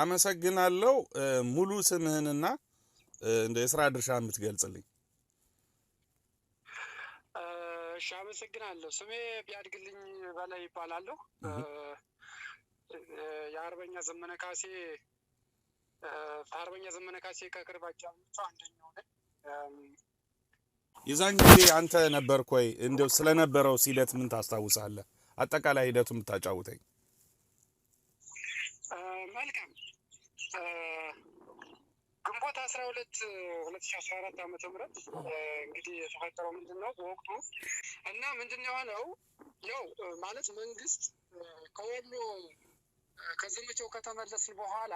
አመሰግናለሁ። ሙሉ ስምህንና እንደ የስራ ድርሻ የምትገልጽልኝ? እሺ፣ አመሰግናለሁ። ስሜ ቢያድግልኝ በላይ ይባላለሁ። የአርበኛ ዘመነ ካሴ አርበኛ ዘመነ ካሴ ከቅርባቸ አጃቢዎቹ አንደኛው ነኝ። የዛን ጊዜ አንተ ነበርክ ወይ? እንደው ስለነበረው ሂደት ምን ታስታውሳለህ? አጠቃላይ ሂደቱ የምታጫውተኝ መልካም ግንቦት አስራ ሁለት ሁለት ሺ አስራ አራት አመተ ምህረት እንግዲህ የተፈጠረው ምንድን ነው በወቅቱ እና ምንድን የሆነው ያው ማለት መንግስት ከወሎ ከዘመቻው ከተመለስን በኋላ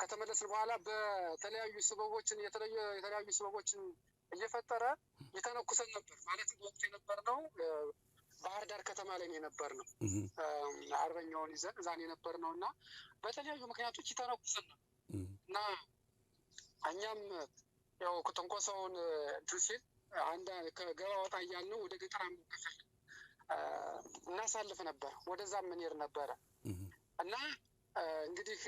ከተመለስን በኋላ በተለያዩ ስበቦችን የተለያዩ ስበቦችን እየፈጠረ የተነኩሰን ነበር። ማለትም በወቅቱ የነበር ነው ባህር ዳር ከተማ ላይ የነበር ነው አርበኛውን ይዘን እዛን የነበር ነው እና በተለያዩ ምክንያቶች ይተነኩሰን ነው እና እኛም ያው ተንኮሰውን ዱሲል አንዳ ከገባ ወጣ እያልን ወደ ገጠር ገጠራ እናሳልፍ ነበር። ወደዛ ምንሄድ ነበረ እና እንግዲህ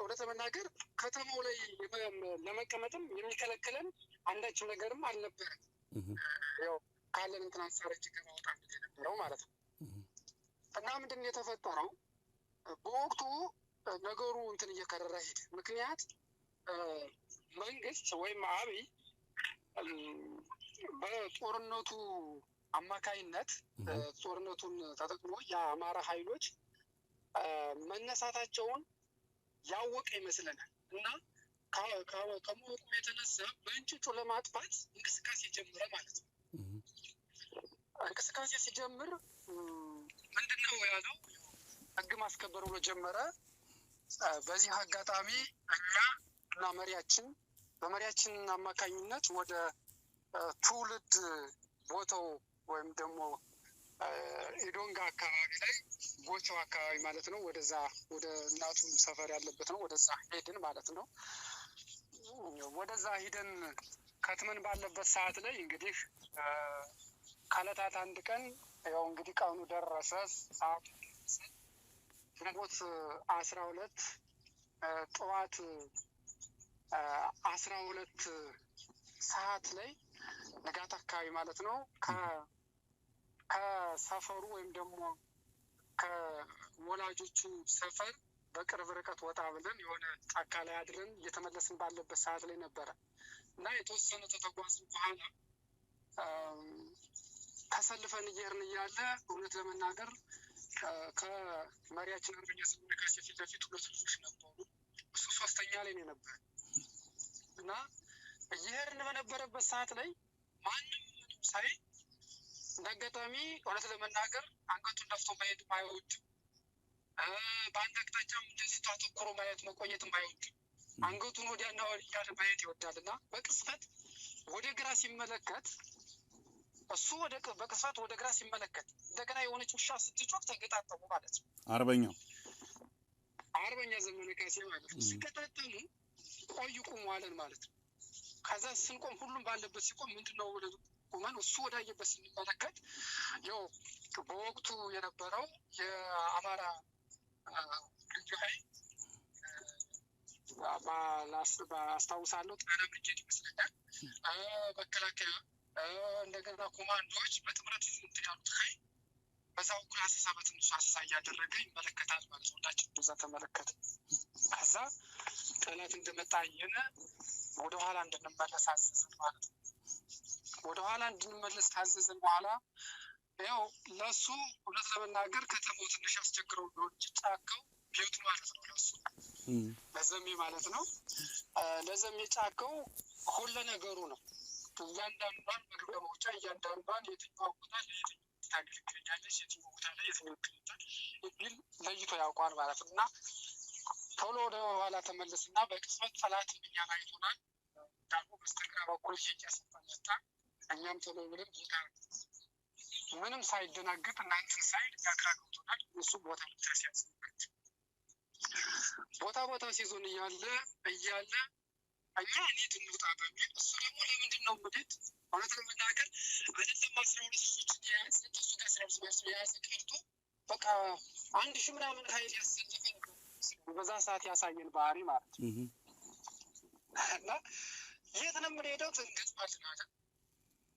እውነት ለመናገር ከተማው ላይ ለመቀመጥም የሚከለክለን አንዳችም ነገርም አልነበረም። ያው ያለን እንትን ሀሳብ ችግር መውጣት የነበረው ማለት ነው። እና ምንድን ነው የተፈጠረው? በወቅቱ ነገሩ እንትን እየከረረ ሄድ። ምክንያት መንግስት ወይም አብይ በጦርነቱ አማካይነት ጦርነቱን ተጠቅሞ የአማራ ኃይሎች መነሳታቸውን ያወቀ ይመስለናል እና ከመወቁም የተነሳ በእንጭጩ ለማጥፋት እንቅስቃሴ ጀምረ ማለት ነው። እንቅስቃሴ ሲጀምር ምንድን ነው ያለው? ህግ ማስከበር ብሎ ጀመረ። በዚህ አጋጣሚ እኛ እና መሪያችን በመሪያችን አማካኝነት ወደ ትውልድ ቦታው ወይም ደግሞ ኢዶንጋ አካባቢ ላይ ጎቸው አካባቢ ማለት ነው። ወደዛ ወደ እናቱ ሰፈር ያለበት ነው። ወደዛ ሄድን ማለት ነው። ወደዛ ሂደን ከትመን ባለበት ሰዓት ላይ እንግዲህ ከዕለታት አንድ ቀን ያው እንግዲህ ቀኑ ደረሰ፣ ሰዓቱ ደረሰ። ግንቦት አስራ ሁለት ጠዋት አስራ ሁለት ሰዓት ላይ ንጋት አካባቢ ማለት ነው ከሰፈሩ ወይም ደግሞ ከወላጆቹ ሰፈር በቅርብ ርቀት ወጣ ብለን የሆነ ጫካ ላይ አድረን እየተመለስን ባለበት ሰዓት ላይ ነበረ እና የተወሰነ ተተጓዝን በኋላ ተሰልፈን እየርን እያለ እውነት ለመናገር ከመሪያችን አርበኛ ስንነጋሴ ፊት ለፊት ሁለት ልጆች ነበሩ። እሱ ሶስተኛ ላይ ነው የነበረ እና እየሄድን በነበረበት ሰዓት ላይ ማንም ምንም ሳይ እንዳጋጣሚ እውነት ለመናገር አንገቱን ደፍቶ ማየት አይወድም። በአንድ አቅጣጫም እንደዚህ አተኩሮ ማየት መቆየትም አይወድም። አንገቱን ወዲያና ወዲያ ማየት ይወዳል እና በቅስፈት ወደ ግራ ሲመለከት እሱ በቅስፈት ወደ ግራ ሲመለከት እንደገና የሆነች ውሻ ስትጮክ ተገጣጠሙ ማለት ነው። አርበኛው አርበኛ ዘመነ ካሴ ማለት ነው። ሲገጣጠሙ ቆዩ ቁመዋለን ማለት ነው። ከዛ ስንቆም ሁሉም ባለበት ሲቆም ምንድነው ወደ ቁመን እሱ ወዳየበት ስንመለከት ያው በወቅቱ የነበረው የአማራ ልዩ ኃይል አስታውሳለሁ ጣና ብርጌድ ይመስለኛል መከላከያ እንደገና ኮማንዶዎች በጥምረት እንትን ያሉት በዛ በኩል አሰሳ በትንሹ አሰሳ እያደረገ ይመለከታል ማለት ነው። ሁላችን በዛ ተመለከተ። ከዛ ጠላት እንደመጣ አየነ። ወደኋላ እንድንመለስ አዘዝን ማለት ነው። ወደኋላ እንድንመለስ ካዘዝን በኋላ ያው ለሱ እውነት ለመናገር ከተማው ትንሽ አስቸግረው ቢሆን ጫካው ቤቱ ማለት ነው ለሱ ለዘሜ ማለት ነው። ለዘሜ ጫካው ሁለ ነገሩ ነው። እያንዳንዷን መግቢያ መውጫ፣ እያንዳንዷን የትኛው ቦታ ለየትኛው ቦታ ታገለግለኛለች፣ የትኛው ቦታ ላይ የትኛው ክልል የሚል ለይቶ ያውቋል ማለት ነው እና ቶሎ ወደ ኋላ እና በቅጽበት ጠላት እኛን አይቶናል። ዳሞ በስተግራ በኩል ሸጫ ስታመጣ እኛም ቶሎ ብለን ቦታ ምንም ሳይደናገጥ እናንትን ሳይል ዳክራ ገብቶናል። እሱ ቦታ ቦታ ቦታ ሲዞን እያለ እያለ እኛ እኔ እንውጣ በሚል እሱ ደግሞ ለምንድን ነው ወደት ማለት ለመናገር አይደለም አስራ ሁለት ሶችን የያዘ ከሱ ጋር አስራ ሁለት ማስ የያዘ ቀርቶ በቃ አንድ ሺ ምናምን ሀይል ያሰልፈን በዛ ሰዓት ያሳየን ባህሪ ማለት ነው። እና የት ነው የምንሄደው? ትንግት ማልናለ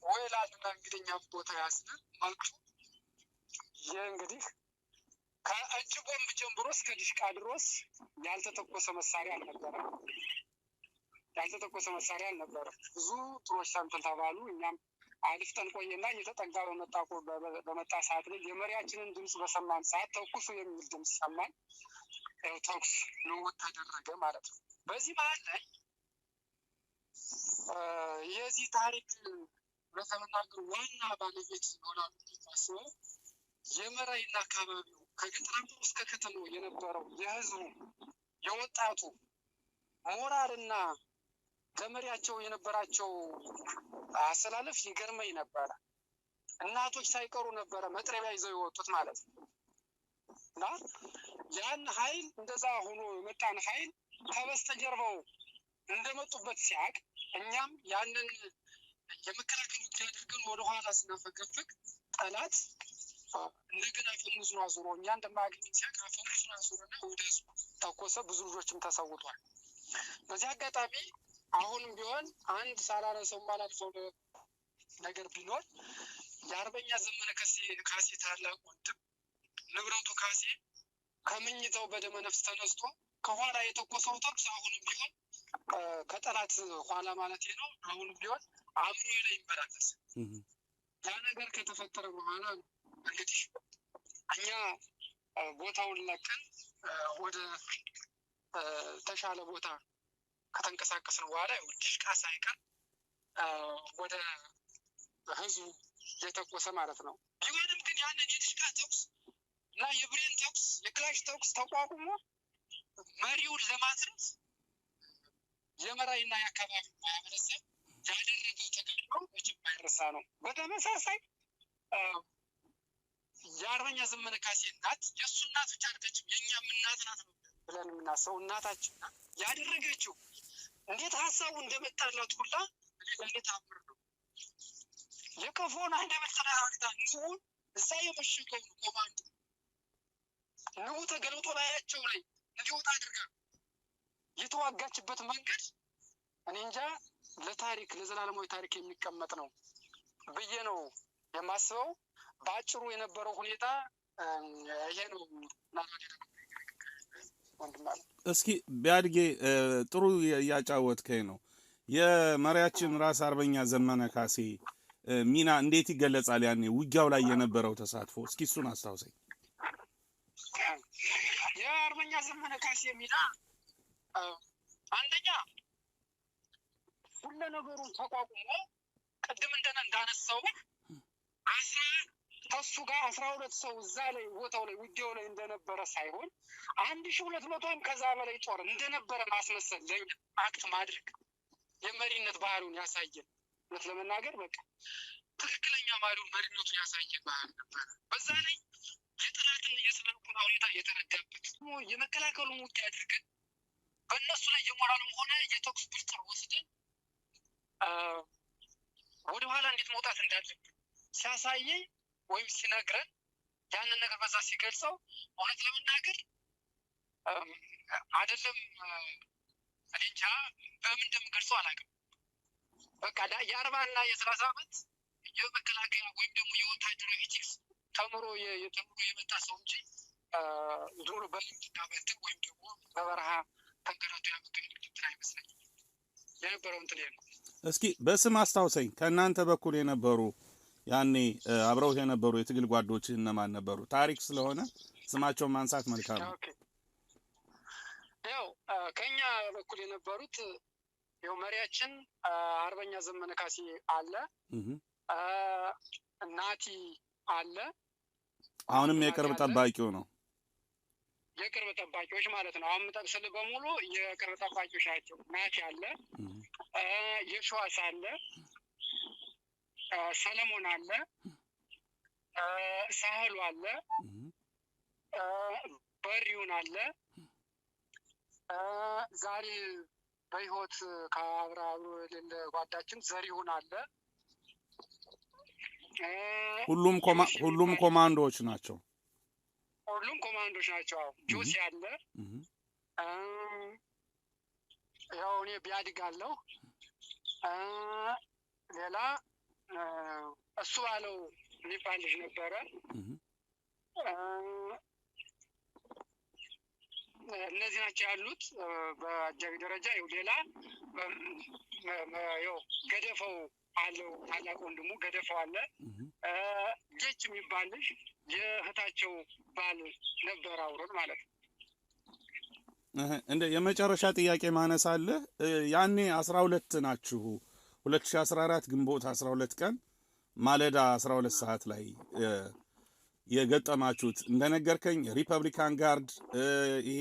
ወይ ላልና እንግዲህ ቦታ ያዝነ መልኩ ይህ እንግዲህ ከእጅ ቦምብ ጀምሮ እስከ ዲሽቃ ድሮስ ያልተተኮሰ መሳሪያ አልነበረም። ያልተተኮሰ መሳሪያ አልነበረ። ብዙ ጥሮች ሰምተን ተባሉ። እኛም አድፍጠን ቆየና እየተጠጋ በመጣ በመጣ ሰዓት ላይ የመሪያችንን ድምፅ በሰማን ሰዓት ተኩሱ የሚል ድምፅ ሰማን። ተኩስ ልውውጥ ተደረገ ማለት ነው። በዚህ መሀል ላይ የዚህ ታሪክ ለተመናገር ዋና ባለቤት ይሆናሉ ታስበው የመራይና አካባቢው ከገጠራም እስከ ከተማው የነበረው የህዝቡ የወጣቱ ሞራልና ከመሪያቸው የነበራቸው አሰላለፍ ይገርመኝ ነበረ። እናቶች ሳይቀሩ ነበረ መጥረቢያ ይዘው የወጡት ማለት ነው። እና ያን ኃይል እንደዛ ሆኖ የመጣን ኃይል ከበስተጀርባው እንደመጡበት ሲያቅ እኛም ያንን የመከላከል ውጊያ አድርገን ወደኋላ ስናፈገፍግ ጠላት እንደገና አፈሙዙን አዙሮ እኛ እንደማያገኝ ሲያቅ አፈሙዙን አዙሮና ወደ ህዝቡ ተኮሰ። ብዙ ልጆችም ተሰውቷል። በዚህ አጋጣሚ አሁንም ቢሆን አንድ ሳላነሰው ማላልፈው ነገር ቢኖር የአርበኛ ዘመነ ከሴ ካሴ ታላቅ ወንድም ንብረቱ ካሴ ከምኝተው በደመ ነፍስ ተነስቶ ከኋላ የተኮሰው ተኩስ አሁንም ቢሆን ከጠላት ኋላ ማለት ነው። አሁንም ቢሆን አእምሮ ላይ ይንበራከስ። ያ ነገር ከተፈጠረ በኋላ እንግዲህ እኛ ቦታውን ለቀን ወደ ተሻለ ቦታ ከተንቀሳቀስን በኋላ ዲሽቃ ሳይቀር ወደ ህዝቡ እየተኮሰ ማለት ነው። ቢሆንም ግን ያንን የዲሽቃ ተኩስ እና የብሬን ተኩስ፣ የክላሽ ተኩስ ተቋቁሞ መሪውን ለማትረፍ የመራይና የአካባቢ ማህበረሰብ ያደረገ ተገድሎ እጅግ ማይረሳ ነው። በተመሳሳይ የአርበኛ ዘመነ ካሴ እናት የእሱ እናት ብቻ አይደለችም፣ የእኛም እናት ናት ነበር ብለን የምናስበው እናታችን ያደረገችው እንዴት ሀሳቡ እንደመጣላት ሁላ ለጌታምር ነው የቀፎን አንደበት ተዳራግታ ሲሆን እዛ የመሸገው ኮማንድ ንቡ ተገልጦ ላያቸው ላይ እንዲወጣ አድርጋ የተዋጋችበት መንገድ እኔ እንጃ ለታሪክ ለዘላለማዊ ታሪክ የሚቀመጥ ነው ብዬ ነው የማስበው። በአጭሩ የነበረው ሁኔታ ይሄ ነው። እስኪ ቢያድጌ ጥሩ እያጫወትከኝ ነው። የመሪያችን ራስ አርበኛ ዘመነ ካሴ ሚና እንዴት ይገለጻል? ያኔ ውጊያው ላይ የነበረው ተሳትፎ እስኪ እሱን አስታውሰኝ። የአርበኛ ዘመነ ካሴ ሚና አንደኛ ሁለ ነገሩን ተቋቁሞ ቅድም እንደነ እንዳነሳው አስራ ከሱ ጋር አስራ ሁለት ሰው እዛ ላይ ቦታው ላይ ውጊያው ላይ እንደነበረ ሳይሆን አንድ ሺ ሁለት መቶ ወይም ከዛ በላይ ጦር እንደነበረ ማስመሰል ለኛ አክት ማድረግ የመሪነት ባህሉን ያሳየን እውነት ለመናገር በቃ ትክክለኛ ማሪው መሪነቱን ያሳየ ባህል ነበረ። በዛ ላይ የጥላትን የስለልኩን ሁኔታ የተረዳበት የመከላከሉን ውጊያ አድርገን በእነሱ ላይ የሞራልም ሆነ የተኩስ ብልጠር ወስደን ወደኋላ እንዴት መውጣት እንዳለብን ሲያሳየኝ ወይም ሲነግረን ያንን ነገር በዛ ሲገልጸው እውነት ለመናገር አይደለም እንጃ በምን እንደምገልጸው አላውቅም። በቃ የአርባ እና የሰላሳ ዓመት የመከላከያ ወይም ደግሞ የወታደራዊ ኤቲክስ ተምሮ ተምሮ የመጣ ሰው እንጂ ዞሮ በልምድና በእንትን ወይም ደግሞ በበረሃ ተንከራቶ ያመገኝ እንትን አይመስለኝም። የነበረው እንትን ነው። እስኪ በስም አስታውሰኝ ከእናንተ በኩል የነበሩ ያኔ አብረው የነበሩ የትግል ጓዶች እነማን ነበሩ? ታሪክ ስለሆነ ስማቸውን ማንሳት መልካም ነው። ያው ከኛ በኩል የነበሩት ያው መሪያችን አርበኛ ዘመነ ካሴ አለ፣ ናቲ አለ። አሁንም የቅርብ ጠባቂው ነው። የቅርብ ጠባቂዎች ማለት ነው። አሁን የምጠቅስልህ በሙሉ የቅርብ ጠባቂዎች ናቸው። ናቲ አለ፣ የሸዋስ አለ ሰለሞን አለ፣ ሳህሉ አለ፣ በሪውን አለ። ዛሬ በህይወት ከአብርሃም የሌለ ጓዳችን ዘሪሁን አለ። ሁሉም ሁሉም ኮማንዶዎች ናቸው። ሁሉም ኮማንዶች ናቸው። አዎ ጆሲ አለ። ያው እኔ ቢያድግ አለው ሌላ እሱ ባለው የሚባል ልጅ ነበረ። እነዚህ ናቸው ያሉት በአጃቢ ደረጃ። ይኸው ሌላ ይኸው ገደፈው አለው ታላቅ ወንድሙ ገደፈው አለ። ጌች የሚባል ልጅ የእህታቸው ባል ነበር አውሮን ማለት ነው። እንደ የመጨረሻ ጥያቄ ማነሳለህ ያኔ አስራ ሁለት ናችሁ 2014 ግንቦት 12 ቀን ማለዳ 12 ሰዓት ላይ የገጠማችሁት እንደነገርከኝ ሪፐብሊካን ጋርድ ይሄ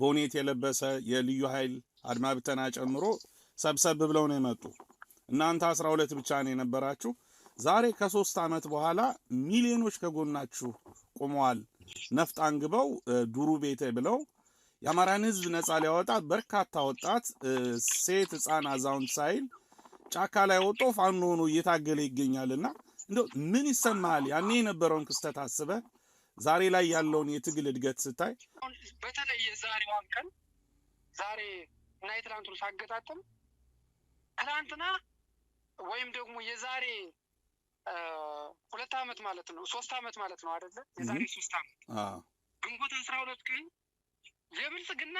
ቦኔት የለበሰ የልዩ ኃይል አድማ ብተና ጨምሮ ሰብሰብ ብለው ነው የመጡ። እናንተ 12 ብቻ ነው የነበራችሁ። ዛሬ ከሶስት ዓመት በኋላ ሚሊዮኖች ከጎናችሁ ቆመዋል። ነፍጥ አንግበው ዱሩ ቤቴ ብለው የአማራን ሕዝብ ነፃ ሊያወጣ በርካታ ወጣት፣ ሴት፣ ህፃን አዛውንት ሳይል ጫካ ላይ ወጦ ፋኖ ሆኖ እየታገለ ይገኛልና እንደው ምን ይሰማል? ያኔ የነበረውን ክስተት አስበ ዛሬ ላይ ያለውን የትግል እድገት ስታይ በተለይ የዛሬዋን ቀን ዛሬ እና የትላንቱን ሳገጣጥም ትላንትና ወይም ደግሞ የዛሬ ሁለት ዓመት ማለት ነው ሶስት ዓመት ማለት ነው አደለ? የዛሬ ሶስት ዓመት ግንቦት አስራ ሁለት ቀን የብልጽግና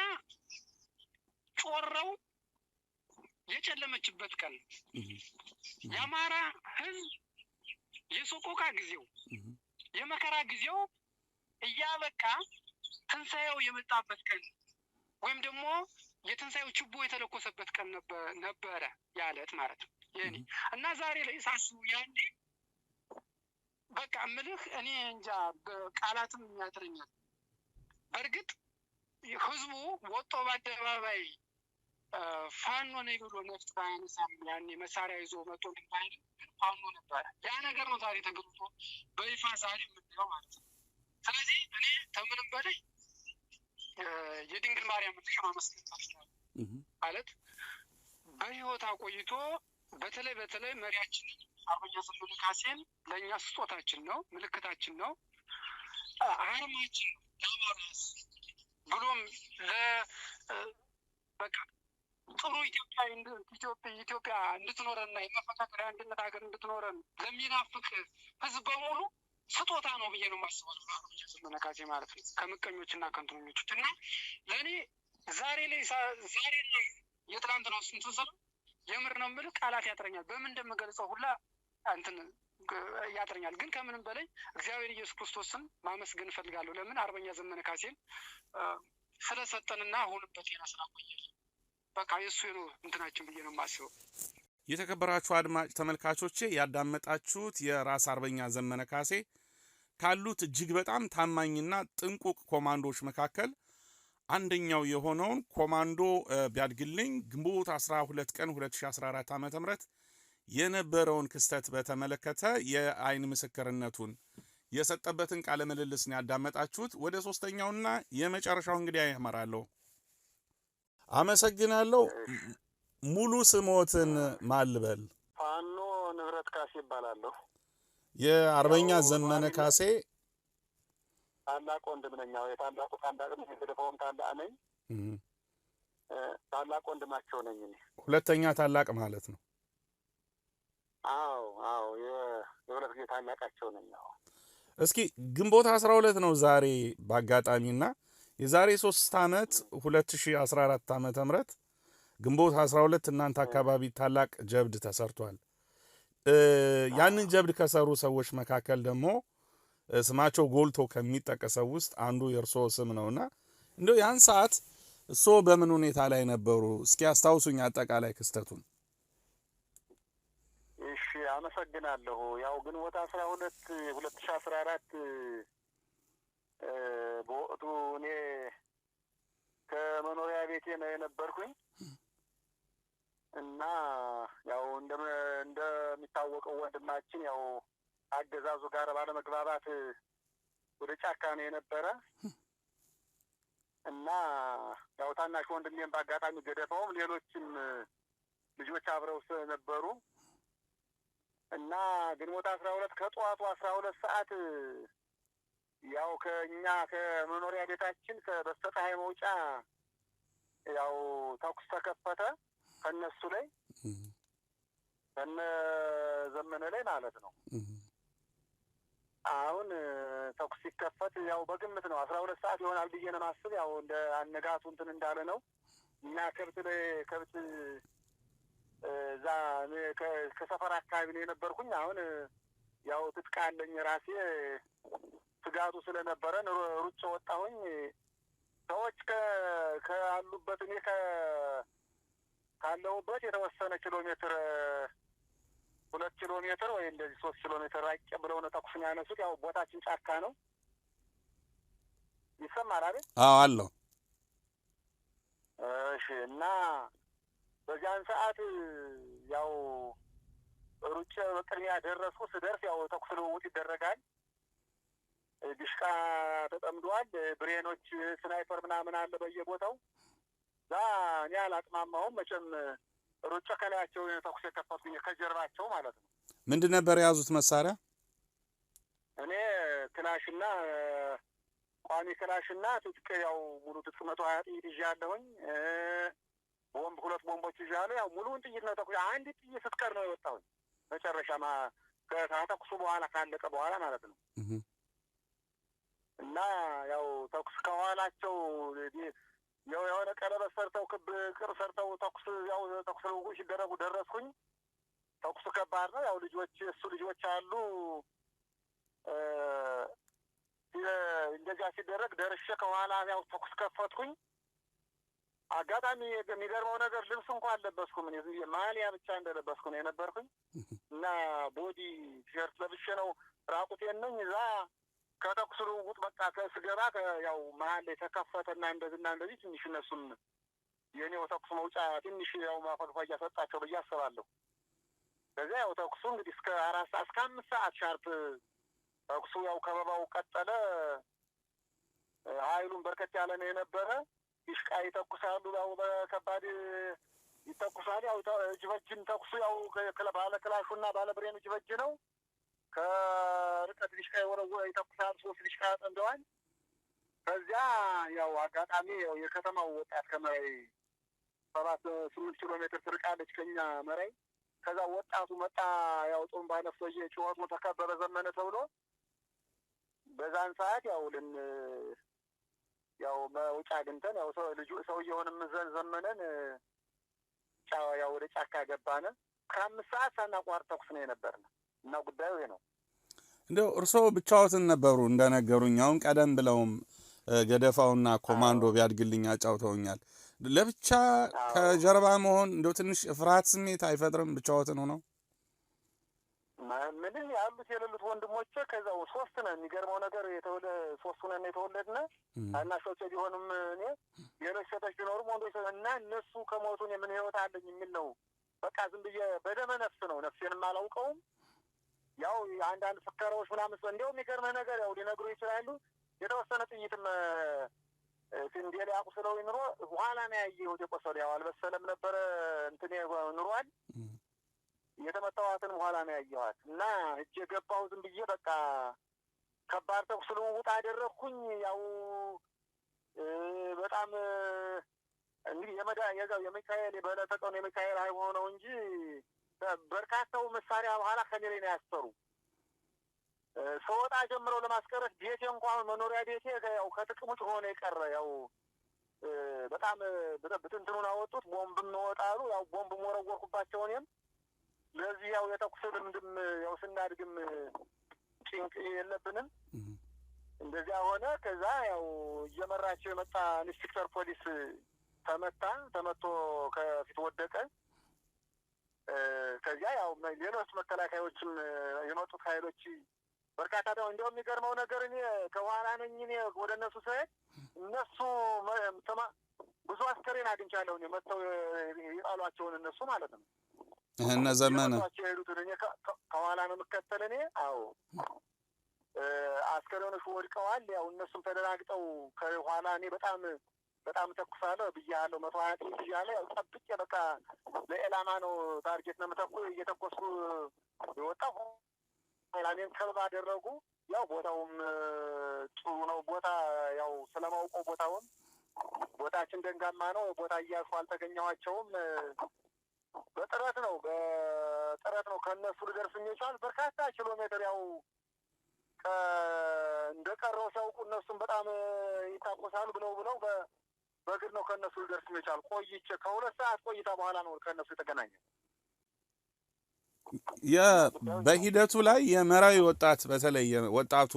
ጮረው የጨለመችበት ቀን የአማራ ህዝብ የሶቆቃ ጊዜው የመከራ ጊዜው እያበቃ ትንሣኤው የመጣበት ቀን ወይም ደግሞ የትንሣኤው ችቦ የተለኮሰበት ቀን ነበረ ያለት ማለት ነው። የኔ እና ዛሬ ላይ ሳሱ ያኔ በቃ ምልህ እኔ እንጃ በቃላትም ያጥረኛል። በእርግጥ ህዝቡ ወጦ በአደባባይ ፋኖ ነኝ ብሎ ነፍጥ ባያነሳም ያን መሳሪያ ይዞ መቶ ባይ ፋኖ ነበረ። ያ ነገር ነው ዛሬ ተገልጦ በይፋ ዛሬ የምንለው ማለት ነው። ስለዚህ እኔ ከምንም በላይ የድንግል ማርያም ልጅ ማመስገን ማለት በህይወት አቆይቶ በተለይ በተለይ መሪያችን አርበኛ ዘመነ ካሴን ለእኛ ስጦታችን ነው፣ ምልክታችን ነው፣ አርማችን ነው ብሎም ለበቃ ጥሩ ኢትዮጵያ ኢትዮጵያ እንድትኖረና የመፈካከሪያ አንድነት ሀገር እንድትኖረን ለሚናፍቅ ህዝብ በሙሉ ስጦታ ነው ብዬ ነው የማስበው። ዘመነ ማለት ነው ከምቀኞች እና ከንትኖች እና ለእኔ ዛሬ ላይ ዛሬ ላይ የትላንት ነው ስንትን የምር ነው የምልህ ቃላት ያጥረኛል። በምን እንደምገልጸው ሁላ እንትን ያጥረኛል። ግን ከምንም በላይ እግዚአብሔር ኢየሱስ ክርስቶስን ማመስገን እፈልጋለሁ። ለምን አርበኛ ዘመነ ካሴን ስለሰጠንና አሁንበት በጤና ስላቆየል በቃ የእሱ ነው እንትናችን ብዬ ነው የማስበው። የተከበራችሁ አድማጭ ተመልካቾቼ ያዳመጣችሁት የራስ አርበኛ ዘመነ ካሴ ካሉት እጅግ በጣም ታማኝና ጥንቁቅ ኮማንዶዎች መካከል አንደኛው የሆነውን ኮማንዶ ቢያድግልኝ ግንቦት 12 ቀን 2014 ዓ ም የነበረውን ክስተት በተመለከተ የአይን ምስክርነቱን የሰጠበትን ቃለ ምልልስን ያዳመጣችሁት። ወደ ሶስተኛውና የመጨረሻው እንግዲህ ያመራለሁ። አመሰግናለሁ። ሙሉ ስሞትን ማልበል ፋኖ ንብረት ካሴ ይባላለሁ። የአርበኛ ዘመነ ካሴ ታላቅ ወንድም ነኝ። የታላቁ ታላቅ ነኝ፣ ታላቅ ነኝ። ታላቅ ወንድማቸው ነኝ። ሁለተኛ ታላቅ ማለት ነው። አዎ አዎ፣ የሁለት ጊዜ ታላቃቸው ነኝ። እስኪ ግንቦት አስራ ሁለት ነው ዛሬ በአጋጣሚና የዛሬ 3 ዓመት 2014 ዓ ም ግንቦት 12 እናንተ አካባቢ ታላቅ ጀብድ ተሰርቷል። ያንን ጀብድ ከሰሩ ሰዎች መካከል ደግሞ ስማቸው ጎልቶ ከሚጠቀሰው ውስጥ አንዱ የእርሶ ስም ነውና እንዲሁ ያን ሰዓት እሶ በምን ሁኔታ ላይ ነበሩ? እስኪ አስታውሱኝ አጠቃላይ ክስተቱን። እሺ፣ አመሰግናለሁ። ያው ግንቦት 12 2014 በወቅቱ እኔ ከመኖሪያ ቤቴ ነው የነበርኩኝ እና ያው እንደሚታወቀው ወንድማችን ያው አገዛዙ ጋር ባለመግባባት ወደ ጫካ ነው የነበረ እና ያው ታናሽ ወንድሜም በአጋጣሚ ገደፋውም ሌሎችም ልጆች አብረው ስለነበሩ እና ግንቦት አስራ ሁለት ከጠዋቱ አስራ ሁለት ሰዓት ያው ከእኛ ከመኖሪያ ቤታችን ከበስተፀሐይ መውጫ ያው ተኩስ ተከፈተ ከነሱ ላይ ከነ ዘመነ ላይ ማለት ነው። አሁን ተኩስ ሲከፈት ያው በግምት ነው አስራ ሁለት ሰዓት ይሆናል ብዬ ነው ማስብ። ያው እንደ አነጋቱ እንትን እንዳለ ነው እና ከብት ላይ ከብት እዛ ከሰፈር አካባቢ ነው የነበርኩኝ። አሁን ያው ትጥቃለኝ ራሴ ስጋቱ ስለነበረን ሩጭ ወጣሁኝ። ሰዎች ከአሉበት እኔ ካለሁበት የተወሰነ ኪሎ ሜትር ሁለት ኪሎ ሜትር ወይ እንደዚህ ሶስት ኪሎ ሜትር ራቅ ብለው ነው ተኩስ ያነሱት። ያው ቦታችን ጫካ ነው። ይሰማል አይደል? አዎ አለው። እሺ። እና በዚያን ሰዓት ያው ሩጭ ቅድሚያ ደረስኩ። ስደርስ ያው ተኩስ ልውውጥ ይደረጋል። ድሽቃ ተጠምዷል። ብሬኖች፣ ስናይፐር ምናምን አለ በየቦታው እዛ። እኔ አላጥማማውም መቼም ሩጭ ከላያቸው ተኩስ የከፈቱኝ ከጀርባቸው ማለት ነው። ምንድን ነበር የያዙት መሳሪያ? እኔ ክላሽና ቋሚ ክላሽና ትጥቅ ያው ሙሉ ትጥቅ መቶ ሀያ ጥይት አለሁኝ። ቦምብ ሁለት ቦምቦች አለሁ። ያው ሙሉውን ጥይት ነው ተኩስ አንድ ጥይት ስትቀር ነው የወጣሁኝ መጨረሻ ከተኩሱ በኋላ ካለቀ በኋላ ማለት ነው። እና ያው ተኩስ ከኋላቸው ያው የሆነ ቀለበት ሰርተው ክብ ቅር ሰርተው ተኩስ ያው ተኩስ ልውውጥ ሲደረጉ ደረስኩኝ። ተኩሱ ከባድ ነው። ያው ልጆች እሱ ልጆች አሉ እንደዚያ ሲደረግ ደርሼ ከኋላ ያው ተኩስ ከፈትኩኝ። አጋጣሚ የሚገርመው ነገር ልብስ እንኳ አልለበስኩም። ማሊያ ብቻ እንደለበስኩ ነው የነበርኩኝ እና ቦዲ ቲሸርት ለብሼ ነው ራቁቴን ነኝ እዛ ከተኩስ ልውውጥ በቃ ስገባ ያው መሀል ላይ ተከፈተና እንደዚህና እንደዚህ ትንሽ እነሱም የእኔው ተኩስ መውጫ ትንሽ ያው ማፈግፈጊያ ሰጣቸው ብዬ አስባለሁ። ከዚያ ያው ተኩሱ እንግዲህ እስከ አራት ሰዓት እስከ አምስት ሰዓት ሻርፕ ተኩሱ ያው ከበባው ቀጠለ። ኃይሉን በርከት ያለ ነው የነበረ። ይሽቃ ይተኩሳሉ፣ ያው በከባድ ይተኩሳል። ያው እጅ ተኩሱ ያው ባለ ክላሹና ባለ ብሬን እጅ ነው። ከርቀት ዲሽቃ የወረወ የተኩሳል። ሶስት ዲሽቃ ጠንደዋል። ከዚያ ያው አጋጣሚ ያው የከተማው ወጣት ከመራይ ሰባት ስምንት ኪሎ ሜትር ትርቃለች ከኛ መራይ። ከዛ ወጣቱ መጣ ያው ጦም ባለፍ ሰውዬ ጩኸቱ ተከበረ ዘመነ ተብሎ በዛን ሰዓት ያው ልን ያው መውጫ አግኝተን ያው ልጁ ሰው ሰውየውን ምዘን ዘመነን ጫ ያው ወደ ጫካ ገባነ። ከአምስት ሰዓት ሳናቋርጥ ተኩስ ነው የነበርነው። እና ጉዳዩ ይሄ ነው። እንደው እርስዎ ብቻዎትን ነበሩ እንደነገሩኝ። አሁን ቀደም ብለውም ገደፋውና ኮማንዶ ቢያድግልኝ አጫውተውኛል። ለብቻ ከጀርባ መሆን እንደው ትንሽ ፍርሃት ስሜት አይፈጥርም? ብቻዎትን ሆነው ምን ያሉት የሌሉት ወንድሞች ከዛ ሶስት ነን። የሚገርመው ነገር የተወለ ሶስቱ ነን የተወለድነ ታናሾቼ ቢሆንም እኔ ሌሎች ሴቶች ቢኖሩም ወንዶች እና እነሱ ከሞቱን የምን ህይወት አለኝ የሚል ነው። በቃ ዝም ብዬ በደመ ነፍስ ነው ነፍሴንም አላውቀውም ያው አንዳንድ ፍከራዎች ምናምን እንዲያው የሚገርምህ ነገር ያው ሊነግሩ ይችላሉ። የተወሰነ ጥይትም እንዴ ሊያውቁ ስለው ኑሮ ኋላ ነው ያየሁት የቆሰሉ ያው አልበሰለም ነበረ እንትን ኑሯል። የተመታዋትንም ኋላ ነው ያየኋት እና እጅ የገባሁ ዝም ብዬ በቃ ከባድ ተኩስ ልውውጥ አደረግኩኝ። ያው በጣም እንግዲህ የመዳ የዛው የሚካኤል በዕለተ የሚካኤል አይሆነው እንጂ በርካታው መሳሪያ በኋላ ከኔ ላይ ነው ያሰሩ። ሰወጣ ጀምረው ለማስቀረት ቤቴ እንኳን መኖሪያ ቤቴ ያው ከጥቅም ውጭ ሆነ የቀረ ያው በጣም ብትንትኑን አወጡት። ቦምብ መወጣሉ ያው ቦምብ መወረወርኩባቸው እኔም ለዚህ ያው የተኩስ ልምድም ያው ስናድግም ጭንቅ የለብንም እንደዚያ ሆነ። ከዛ ያው እየመራቸው የመጣ ኢንስፔክተር ፖሊስ ተመታ። ተመቶ ከፊት ወደቀ። ከዚያ ያው ሌሎች መከላከያዎችም የመጡት ኃይሎች በርካታ ደ እንዲሁ የሚገርመው ነገር እኔ ከኋላ ነኝ። እኔ ወደ እነሱ ስሄድ እነሱ ስማ ብዙ አስከሬን አግኝቻለሁ። እኔ መጥተው የጣሏቸውን እነሱ ማለት ነው እነ ዘመነ የሄዱትን እኔ ከኋላ ነው የምከተል እኔ። አዎ አስከሬኖች ወድቀዋል። ያው እነሱም ተደናግጠው ከኋላ እኔ በጣም በጣም ተኩሳለሁ ብያለሁ። መቶ ሀያ ጥይት እያለ ጠብቄ በቃ ለኤላማ ነው ታርጌት ነው መተኩ እየተኮስኩ የወጣሁ ኤላሜን ከልብ አደረጉ። ያው ቦታውም ጥሩ ነው ቦታ ያው ስለማውቀው ቦታውን ቦታችን ደንጋማ ነው። ቦታ እያልኩ አልተገኘኋቸውም። በጥረት ነው በጥረት ነው ከእነሱ ልደርስ የሚችል በርካታ ኪሎ ሜትር ያው እንደቀረው ሲያውቁ እነሱም በጣም ይታቆሳሉ ብለው ብለው በእግር ነው ከእነሱ ልደርስ የቻል ቆይቼ ከሁለት ሰዓት ቆይታ በኋላ ነው ከእነሱ የተገናኘ። በሂደቱ ላይ የመራዊ ወጣት በተለይ ወጣቱ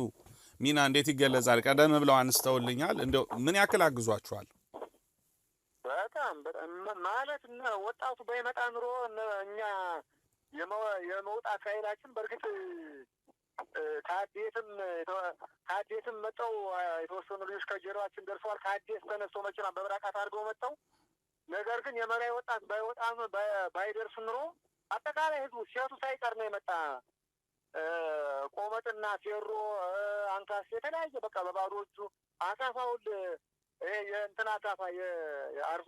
ሚና እንዴት ይገለጻል? ቀደም ብለው አንስተውልኛል። እንዲ ምን ያክል አግዟችኋል? በጣም በጣም ማለት ወጣቱ በይመጣ ኑሮ እኛ የመውጣት ኃይላችን በእርግጥ ከአዴትም ከአዴትም መጠው የተወሰኑ ልጆች ከጀርባችን ደርሰዋል። ከአዴት ተነስተው መኪና በብራቃት አድርገው መጠው ነገር ግን የመራዊ ወጣት ባይወጣም ባይደርስ ኑሮ አጠቃላይ ህዝቡ ሴቱ ሳይቀር ነው የመጣ ቆመጥና ፌሮ አንካስ የተለያየ በቃ በባዶ እጁ አካፋውን የእንትና አካፋ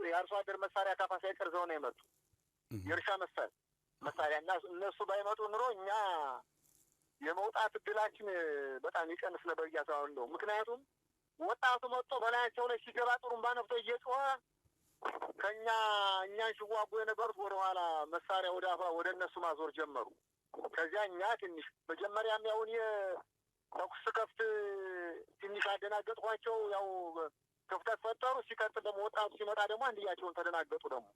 የአርሶ አደር መሳሪያ አካፋ ሳይቀር ዘው ነው የመጡ የእርሻ መሳሪያ መሳሪያ እና እነሱ ባይመጡ ኑሮ እኛ የመውጣት እድላችን በጣም ይቀንስ ነበር እያሰባን ነው። ምክንያቱም ወጣቱ መጥቶ በላያቸው ላይ ሲገባ ጥሩምባ ነፍቶ እየጮኸ ከእኛ እኛን ሽዋቡ የነበሩት ወደኋላ መሳሪያ ወደ አፋ ወደ እነሱ ማዞር ጀመሩ። ከዚያ እኛ ትንሽ መጀመሪያም ያውን የተኩስ ከፍት ትንሽ አደናገጥኳቸው። ያው ክፍተት ፈጠሩ። ሲቀጥል ደግሞ ወጣቱ ሲመጣ ደግሞ አንድያቸውን ተደናገጡ ደግሞ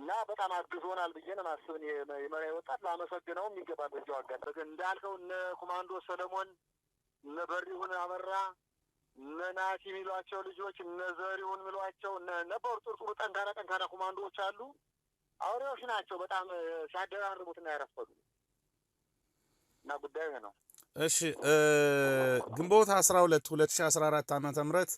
እና በጣም አግዞናል ብዬ ነው ማስብን የመሪያ ወጣት ላመሰግነው የሚገባ በዚያው አጋጣሚ እንዳልከው እነ ኮማንዶ ሰለሞን፣ እነ በሪሁን አበራ፣ እነ ናቲ የሚሏቸው ልጆች፣ እነ ዘሪሁን የሚሏቸው ነበሩ። ጥርጡር ጠንካራ ጠንካራ ኮማንዶዎች አሉ። አውሬዎች ናቸው። በጣም ሲያደራርቡትና ያረፈሉ እና ጉዳዩ ነው። እሺ ግንቦት አስራ ሁለት ሁለት ሺ አስራ አራት አመተ ምህረት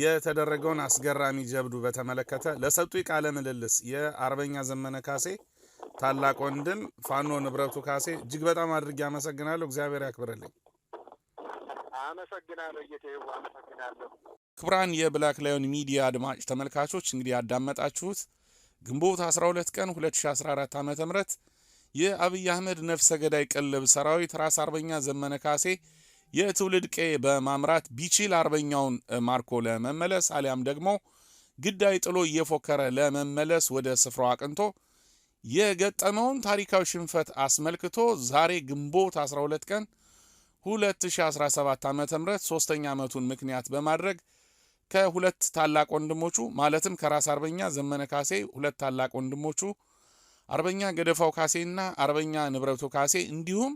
የተደረገውን አስገራሚ ጀብዱ በተመለከተ ለሰጡ ቃለ ምልልስ የአርበኛ ዘመነ ካሴ ታላቅ ወንድም ፋኖ ንብረቱ ካሴ እጅግ በጣም አድርጌ አመሰግናለሁ። እግዚአብሔር ያክብርልኝ። አመሰግናለሁ። እየተይው አመሰግናለሁ። ክቡራን የብላክ ላዮን ሚዲያ አድማጭ ተመልካቾች እንግዲህ ያዳመጣችሁት ግንቦት 12 ቀን 2014 ዓ ም የአብይ አህመድ ነፍሰ ገዳይ ቅልብ ሰራዊት ራስ አርበኛ ዘመነ ካሴ የትውልድ ቀዬ በማምራት ቢችል አርበኛውን ማርኮ ለመመለስ አሊያም ደግሞ ግዳይ ጥሎ እየፎከረ ለመመለስ ወደ ስፍራው አቅንቶ የገጠመውን ታሪካዊ ሽንፈት አስመልክቶ ዛሬ ግንቦት 12 ቀን 2017 ዓ ም ሶስተኛ ዓመቱን ምክንያት በማድረግ ከሁለት ታላቅ ወንድሞቹ ማለትም ከራስ አርበኛ ዘመነ ካሴ ሁለት ታላቅ ወንድሞቹ አርበኛ ገደፋው ካሴና አርበኛ ንብረቱ ካሴ እንዲሁም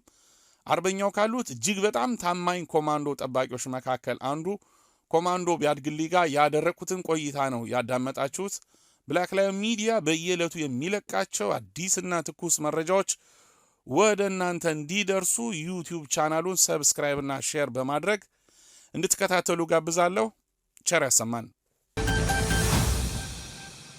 አርበኛው ካሉት እጅግ በጣም ታማኝ ኮማንዶ ጠባቂዎች መካከል አንዱ ኮማንዶ ቢያድግልኝ ጋር ያደረግኩትን ቆይታ ነው ያዳመጣችሁት። ብላክ ሚዲያ በየዕለቱ የሚለቃቸው አዲስና ትኩስ መረጃዎች ወደ እናንተ እንዲደርሱ ዩቲዩብ ቻናሉን ሰብስክራይብና ሼር በማድረግ እንድትከታተሉ ጋብዛለሁ። ቸር ያሰማን።